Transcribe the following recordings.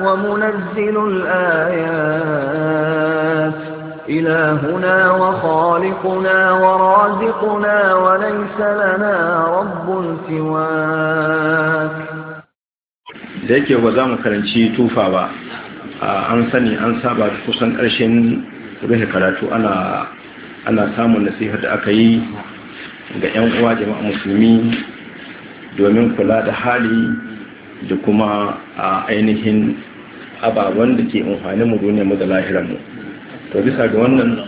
ومنزل الآيات إلهنا وخالقنا ورازقنا وليس لنا رب سواك ذلك هو زام الكرنشي توفى با أنساني أنسى با به كراتو أنا أنا سام النسيحة أكي ga ƴan uwa jama'a musulmi domin kula da kuma a ainihin ababen da ke umfani mu duniya mu da lahiran mu to bisa ga wannan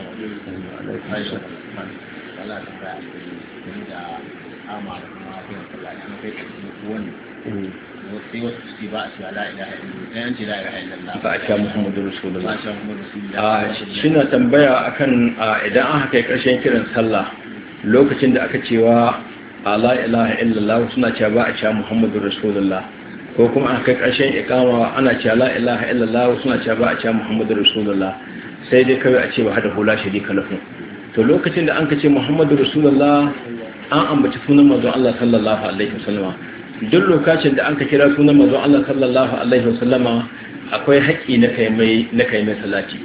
ba a muhammadu rasulullah a shi tambaya akan idan an haka karshen kiran sallah lokacin da aka cewa ala ilaha illallah suna cewa ba a sha muhammadu rasulullah ko kuma a kai ƙarshen ikama ana cewa la ilaha illallah suna cewa ba a cewa muhammadu rasulullah sai dai kawai a ce ba hada hula sharika lahu to lokacin da an ka ce muhammadu rasulullah an ambaci sunan manzon Allah sallallahu alaihi wasallam duk lokacin da an ka kira sunan manzon Allah sallallahu alaihi wasallam akwai haƙƙi na kai mai na kai mai salati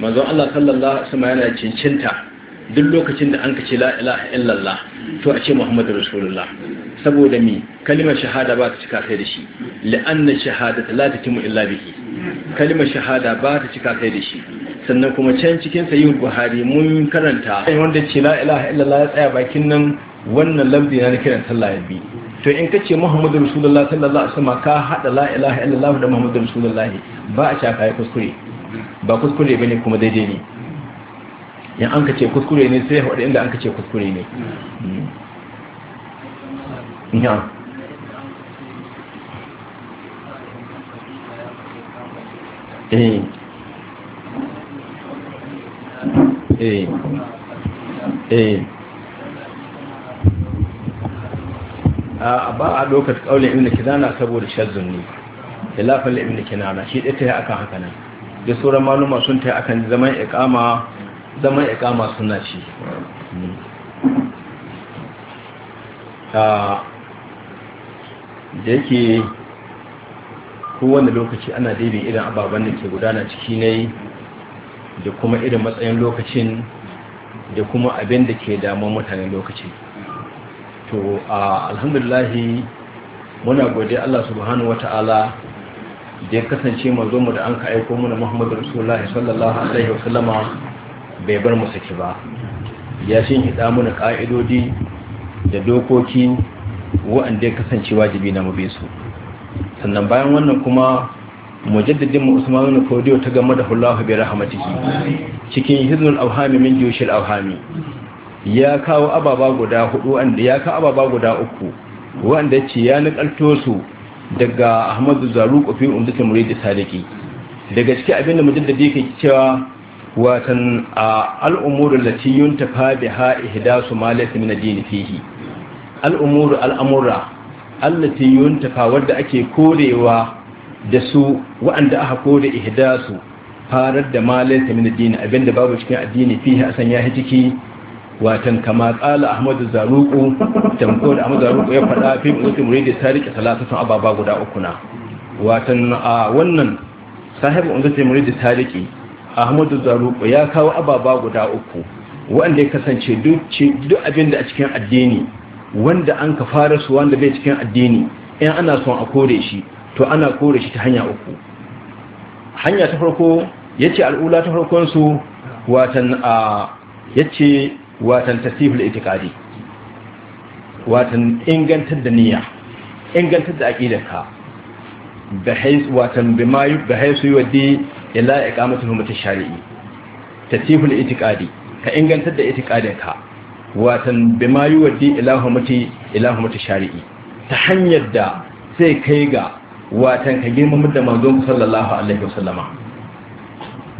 manzon Allah sallallahu alaihi wasallam yana cincinta duk lokacin da an kace la ilaha illallah to a ce muhammadu rasulullah saboda mi kalimar shahada ba ta cika kai da shi la'anna shahada ta la illa bihi kalimar shahada ba ta cika kai da shi sannan kuma can cikin sayyid buhari mun karanta wanda ce la ilaha illallah ya tsaya bakin nan wannan lambi na kiran sallah ya bi to in kace muhammadu rasulullah sallallahu alaihi wasallam ka hada la ilaha illallah da muhammadu rasulullah ba a cika kai kuskure ba kuskure bane kuma daidai ne in an ka ce kuskure ne sai hudu inda an ka ce kuskure ne mm. a eh eh eh ba a da ke ibn saboda shazzun ne da ibn nana shi dai ta akan haka nan da sauran maluma sun ta akan zaman iqama zaman ikama suna shi da yake kowane lokaci ana daidai irin ababen da ke gudana ciki ne da kuma irin matsayin lokacin da kuma abin da ke damun mutane lokaci to alhamdulahi muna gode Allah subhanahu ta'ala da ya kasance manzo mu da an ka aiko muna Muhammadu Rasulullahi sallallahu alaihi wasallama bai bar mu saki ba ya shin hida mana ka'idodi da dokoki wa'anda ya kasance wajibi na mu bi su sannan bayan wannan kuma mujaddidin mu Usman na Kodiyo ta gama da Allahu bi rahmatihi cikin hiznul awhami min jushil awhami ya kawo ababa guda hudu wanda ya kawo ababa guda uku wanda ce ya nakalto su daga Ahmadu Zaruq fi umdatul murid sadiki daga cikin abin da mujaddidi ke cewa watan al'umuru lati yuntafa biha ihdasu ma laysa na ad-din fihi al'umuru al'amura allati yuntafa wadda ake korewa da su wa'anda aka kore ihdasu farar da ma laysa min ad abinda babu cikin addini fihi asan ya ciki watan kama qala ahmadu zaruqu tamko da ahmadu zaruqu ya fada fi mutum muridi sariki salatun ababa guda uku na watan a wannan sahibu unzati muridi sariki ahmadu zaruku ya kawo ababa guda uku wanda ya kasance duk abin da a cikin addini wanda an ka fara su wanda bai cikin addini in ana son a kore shi to ana kore shi ta hanya uku hanya ta farko ya ce al'ula ta farkonsu watan a ya ce watan tasiful itikadi watan ingantar da niyya ingantar da aƙidaka watan da haisu yi illa iqamatu hukumati shari'i tasihul itiqadi ka ingantar da itiqadin ka watan bima yuwaddi ila hukumati ila hukumati shari'i ta hanyar da sai kai ga watan ka girmama da manzon sallallahu alaihi wasallama